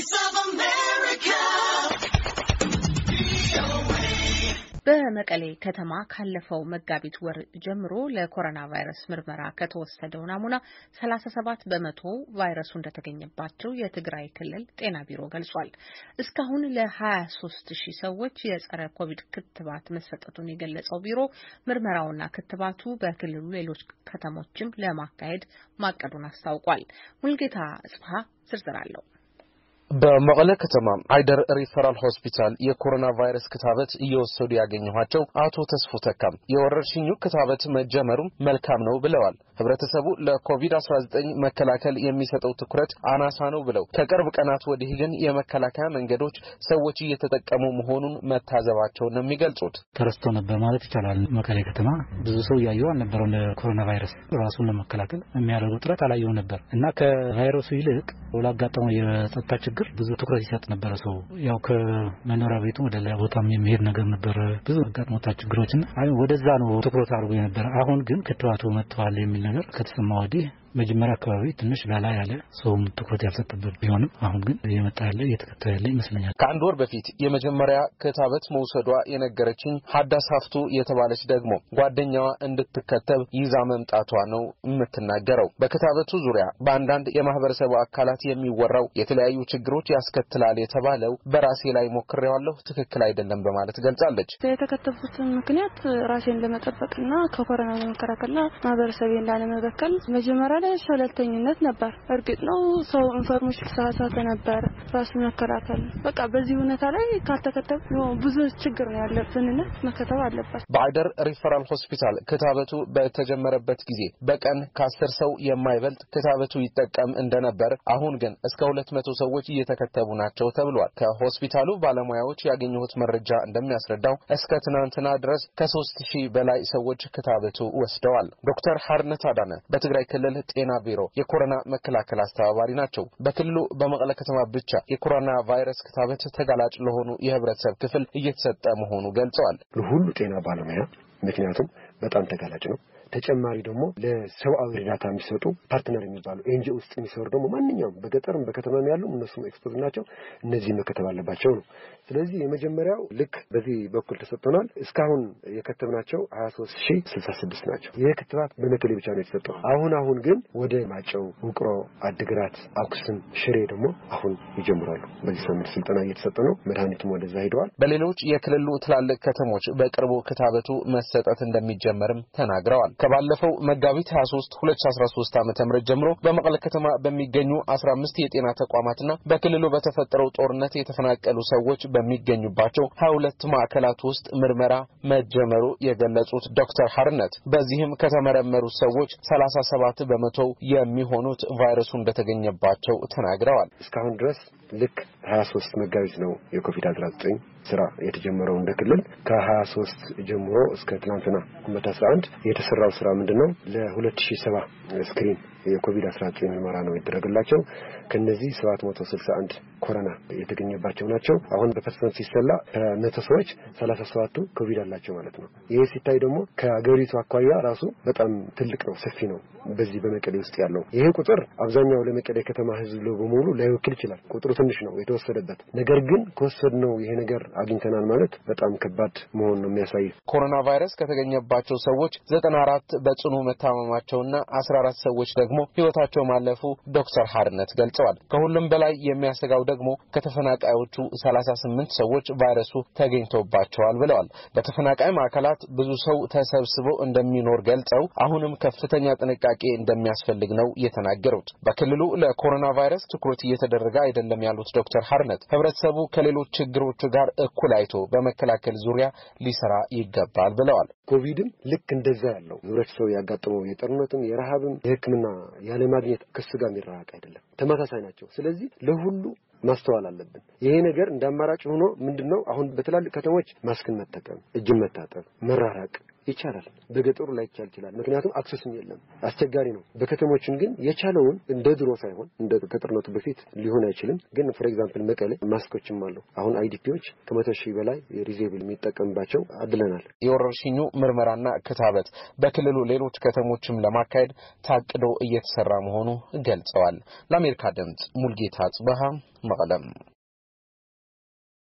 Voice of America. በመቀሌ ከተማ ካለፈው መጋቢት ወር ጀምሮ ለኮሮና ቫይረስ ምርመራ ከተወሰደው ናሙና 37 በመቶ ቫይረሱ እንደተገኘባቸው የትግራይ ክልል ጤና ቢሮ ገልጿል። እስካሁን ለ23 ሺህ ሰዎች የጸረ ኮቪድ ክትባት መሰጠቱን የገለጸው ቢሮ ምርመራውና ክትባቱ በክልሉ ሌሎች ከተሞችም ለማካሄድ ማቀዱን አስታውቋል። ሙልጌታ ጽብሃ ዝርዝር አለው። በመቀለ ከተማ አይደር ሪፈራል ሆስፒታል የኮሮና ቫይረስ ክታበት እየወሰዱ ያገኘኋቸው አቶ ተስፎ ተካም የወረርሽኙ ክታበት መጀመሩም መልካም ነው ብለዋል። ህብረተሰቡ ለኮቪድ-19 መከላከል የሚሰጠው ትኩረት አናሳ ነው ብለው ከቅርብ ቀናት ወዲህ ግን የመከላከያ መንገዶች ሰዎች እየተጠቀሙ መሆኑን መታዘባቸው ነው የሚገልጹት። ተረስቶ ነበር ማለት ይቻላል። መቀሌ ከተማ ብዙ ሰው እያየው አልነበረው። ለኮሮና ቫይረስ ራሱን ለመከላከል የሚያደርገው ጥረት አላየው ነበር እና ከቫይረሱ ይልቅ ላጋጠመው የጸጥታ ችግር ችግር ብዙ ትኩረት ይሰጥ ነበረ ሰው ያው ከመኖሪያ ቤቱ ወደ ሌላ ቦታም የሚሄድ ነገር ነበረ። ብዙ አጋጥሞታ ችግሮችና ወደዛ ነው ትኩረት አድርጎ የነበረ። አሁን ግን ክትባቱ መጥተዋል የሚል ነገር ከተሰማ ወዲህ መጀመሪያ አካባቢ ትንሽ ላላ ያለ ሰውም ትኩረት ያልሰጠበት ቢሆንም አሁን ግን እየመጣ ያለ እየተከተለ ያለ ይመስለኛል። ከአንድ ወር በፊት የመጀመሪያ ክታበት መውሰዷ የነገረችኝ ሀዳስ ሀፍቱ የተባለች ደግሞ ጓደኛዋ እንድትከተብ ይዛ መምጣቷ ነው የምትናገረው። በክታበቱ ዙሪያ በአንዳንድ የማህበረሰቡ አካላት የሚወራው የተለያዩ ችግሮች ያስከትላል የተባለው በራሴ ላይ ሞክሬዋለሁ፣ ትክክል አይደለም በማለት ገልጻለች። የተከተብኩትን ምክንያት ራሴን ለመጠበቅና ከኮረና ለመከላከልና ማህበረሰቤን ላለመበከል መጀመሪያ ላይ ሰለልተኝነት ነበር። እርግጥ ነው ሰው ኢንፎርሜሽን ሳሳተ ነበር፣ ራሱን መከላከል በቃ በዚህ ሁኔታ ላይ ካልተከተብ ብዙ ችግር ነው ያለብንና መከተብ አለበት። በአይደር ሪፈራል ሆስፒታል ክታበቱ በተጀመረበት ጊዜ በቀን ከአስር ሰው የማይበልጥ ክታበቱ ይጠቀም እንደነበር፣ አሁን ግን እስከ ሁለት መቶ ሰዎች እየተከተቡ ናቸው ተብሏል። ከሆስፒታሉ ባለሙያዎች ያገኘሁት መረጃ እንደሚያስረዳው እስከ ትናንትና ድረስ ከሶስት ሺህ በላይ ሰዎች ክታበቱ ወስደዋል። ዶክተር ሀርነት አዳነ በትግራይ ክልል ጤና ቢሮ የኮሮና መከላከል አስተባባሪ ናቸው። በክልሉ በመቀለ ከተማ ብቻ የኮሮና ቫይረስ ክትባት ተጋላጭ ለሆኑ የህብረተሰብ ክፍል እየተሰጠ መሆኑ ገልጸዋል። ለሁሉ ጤና ባለሙያ ምክንያቱም በጣም ተጋላጭ ነው። ተጨማሪ ደግሞ ለሰብአዊ እርዳታ የሚሰጡ ፓርትነር የሚባሉ ኤንጂኦ ውስጥ የሚሰሩ ደግሞ ማንኛውም በገጠርም በከተማም ያሉ እነሱም ኤክስፖዝ ናቸው። እነዚህ መከተብ አለባቸው ነው። ስለዚህ የመጀመሪያው ልክ በዚህ በኩል ተሰጥቶናል። እስካሁን የከተብናቸው ሀያ ሶስት ሺ ስልሳ ስድስት ናቸው። ይህ ክትባት በመቀሌ ብቻ ነው የተሰጠው። አሁን አሁን ግን ወደ ማጨው፣ ውቅሮ፣ አድግራት፣ አኩስም፣ ሽሬ ደግሞ አሁን ይጀምራሉ። በዚህ ሳምንት ስልጠና እየተሰጠ ነው። መድኃኒቱም ወደዛ ሂደዋል። በሌሎች የክልሉ ትላልቅ ከተሞች በቅርቡ ክታበቱ መሰጠት እንደሚጀ እንደሚጀመርም ተናግረዋል። ከባለፈው መጋቢት 23 2013 ዓ.ም ጀምሮ በመቀለ ከተማ በሚገኙ 15 የጤና ተቋማትና በክልሉ በተፈጠረው ጦርነት የተፈናቀሉ ሰዎች በሚገኙባቸው 22 ማዕከላት ውስጥ ምርመራ መጀመሩ የገለጹት ዶክተር ሀርነት በዚህም ከተመረመሩት ሰዎች 37 በመቶው የሚሆኑት ቫይረሱ እንደተገኘባቸው ተናግረዋል። እስካሁን ድረስ ልክ 23 መጋቢት ነው የኮቪድ-19 ስራ የተጀመረው እንደ ክልል ከሀያ ሶስት ጀምሮ እስከ ትናንትና ሁመት አስራ አንድ የተሰራው ስራ ምንድን ነው? ለሁለት ሺ ሰባ ስክሪን የኮቪድ 19 ምርመራ ነው የሚደረግላቸው። ከነዚህ 761 ኮሮና የተገኘባቸው ናቸው። አሁን በፐርሰንት ሲሰላ ከመቶ ሰዎች 37ቱ ኮቪድ አላቸው ማለት ነው። ይሄ ሲታይ ደግሞ ከሀገሪቱ አኳያ ራሱ በጣም ትልቅ ነው፣ ሰፊ ነው። በዚህ በመቀሌ ውስጥ ያለው ይሄ ቁጥር አብዛኛው ለመቀሌ ከተማ ህዝብ በሙሉ ላይወክል ይችላል። ቁጥሩ ትንሽ ነው የተወሰደበት። ነገር ግን ከወሰድነው ይሄ ነገር አግኝተናል ማለት በጣም ከባድ መሆን ነው የሚያሳይ ኮሮና ቫይረስ ከተገኘባቸው ሰዎች 94 በጽኑ መታመማቸውና 14 ሰዎች ደግሞ ደግሞ ሕይወታቸው ማለፉ ዶክተር ሀርነት ገልጸዋል። ከሁሉም በላይ የሚያሰጋው ደግሞ ከተፈናቃዮቹ 38 ሰዎች ቫይረሱ ተገኝቶባቸዋል ብለዋል። በተፈናቃይ ማዕከላት ብዙ ሰው ተሰብስቦ እንደሚኖር ገልጸው አሁንም ከፍተኛ ጥንቃቄ እንደሚያስፈልግ ነው የተናገሩት። በክልሉ ለኮሮና ቫይረስ ትኩረት እየተደረገ አይደለም ያሉት ዶክተር ሀርነት ህብረተሰቡ ከሌሎች ችግሮቹ ጋር እኩል አይቶ በመከላከል ዙሪያ ሊሰራ ይገባል ብለዋል። ኮቪድም ልክ እንደዛ ያለው ህብረተሰቡ ያጋጥመው የጦርነትም የረሃብም የህክምና። ያለማግኘት ከሱ ጋር የሚራራቅ አይደለም፣ ተመሳሳይ ናቸው። ስለዚህ ለሁሉ ማስተዋል አለብን። ይሄ ነገር እንደ አማራጭ ሆኖ ምንድን ነው አሁን በትላልቅ ከተሞች ማስክን መጠቀም፣ እጅን መታጠብ፣ መራራቅ ይቻላል። በገጠሩ ላይ ይቻል ይችላል። ምክንያቱም አክሰስም የለም አስቸጋሪ ነው። በከተሞችን ግን የቻለውን እንደ ድሮ ሳይሆን እንደ ከጥርነቱ በፊት ሊሆን አይችልም። ግን ፎር ኤግዛምፕል መቀሌ ማስኮችም አሉ። አሁን አይዲፒዎች ከመቶ ሺህ በላይ ሪዜብል የሚጠቀምባቸው አድለናል። የወረርሽኙ ምርመራና ክታበት በክልሉ ሌሎች ከተሞችም ለማካሄድ ታቅዶ እየተሰራ መሆኑ ገልጸዋል። ለአሜሪካ ድምፅ ሙልጌታ ጽበሃ መቀለም